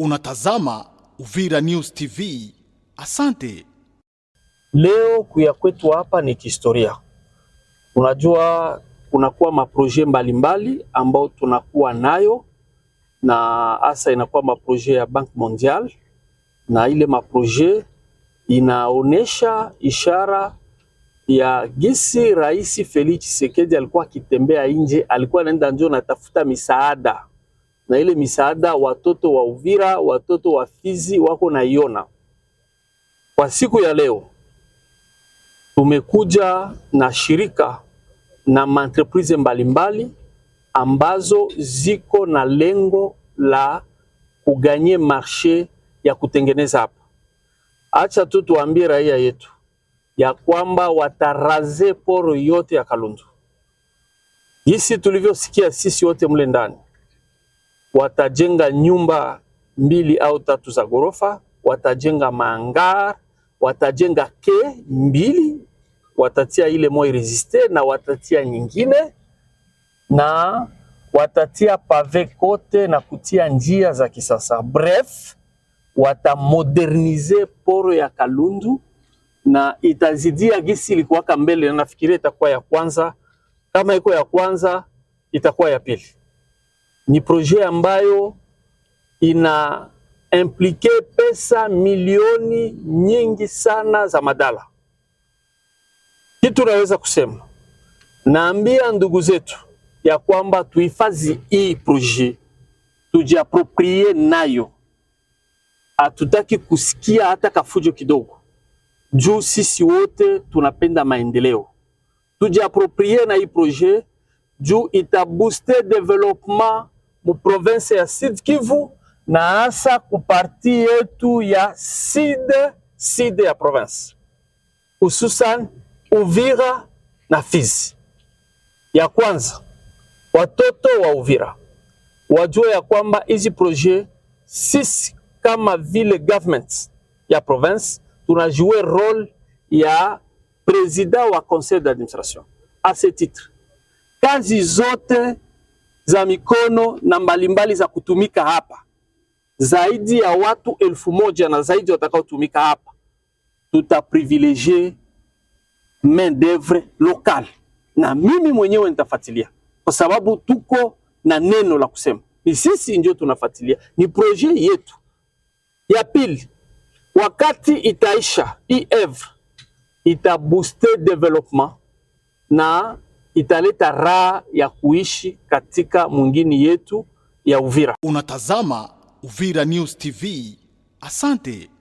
Unatazama Uvira News TV. Asante. Leo kuya kwetu hapa ni kihistoria. Unajua kunakuwa maproje mbalimbali ambao tunakuwa nayo na hasa inakuwa maproje ya Bank Mondial, na ile maproje inaonesha ishara ya gisi Rais Felix Tshisekedi alikuwa akitembea nje, alikuwa anaenda njo natafuta misaada na ile misaada watoto wa Uvira, watoto wa Fizi wako naiona. Kwa siku ya leo tumekuja na shirika na maentreprise mbalimbali ambazo ziko na lengo la kuganye marshe ya kutengeneza hapa. Acha tu tuambie raia yetu ya kwamba wataraze poro yote ya Kalundu, jinsi tulivyosikia sisi wote mle ndani watajenga nyumba mbili au tatu za ghorofa, watajenga mangar, watajenga ke mbili, watatia ile moi resiste na watatia nyingine na watatia pave kote na kutia njia za kisasa. Bref, watamodernize poro ya Kalundu na itazidia gisi ilikuwaka mbele, na nafikiria itakuwa ya kwanza. Kama iko ya kwanza, itakuwa ya pili ni proje ambayo ina implike pesa milioni nyingi sana za madala. Kitu naweza kusema, naambia ndugu zetu ya kwamba tuhifadhi hii proje tujiaproprie nayo. Hatutaki kusikia hata kafujo kidogo, juu sisi wote tunapenda maendeleo. Tujiaproprie na hii proje juu itabooste development mu province ya Sud Kivu na hasa kuparti yetu ya Sud Sud ya province hususan Uvira na Fizi. Ya kwanza watoto wa Uvira wajue ya kwamba hizi proje sisi kama vile government ya province tunajue role ya president wa conseil d'administration. A ce titre, kazi zote za mikono na mbalimbali za kutumika hapa, zaidi ya watu elfu moja na zaidi watakaotumika hapa, tutaprivilegie main d'oeuvre local, na mimi mwenyewe nitafuatilia kwa sababu tuko na neno la kusema. Ni sisi ndio tunafuatilia, ni proje yetu. Ya pili, wakati itaisha hii evre development na italeta raha ya kuishi katika mwingini yetu ya Uvira. Unatazama Uvira News TV. Asante.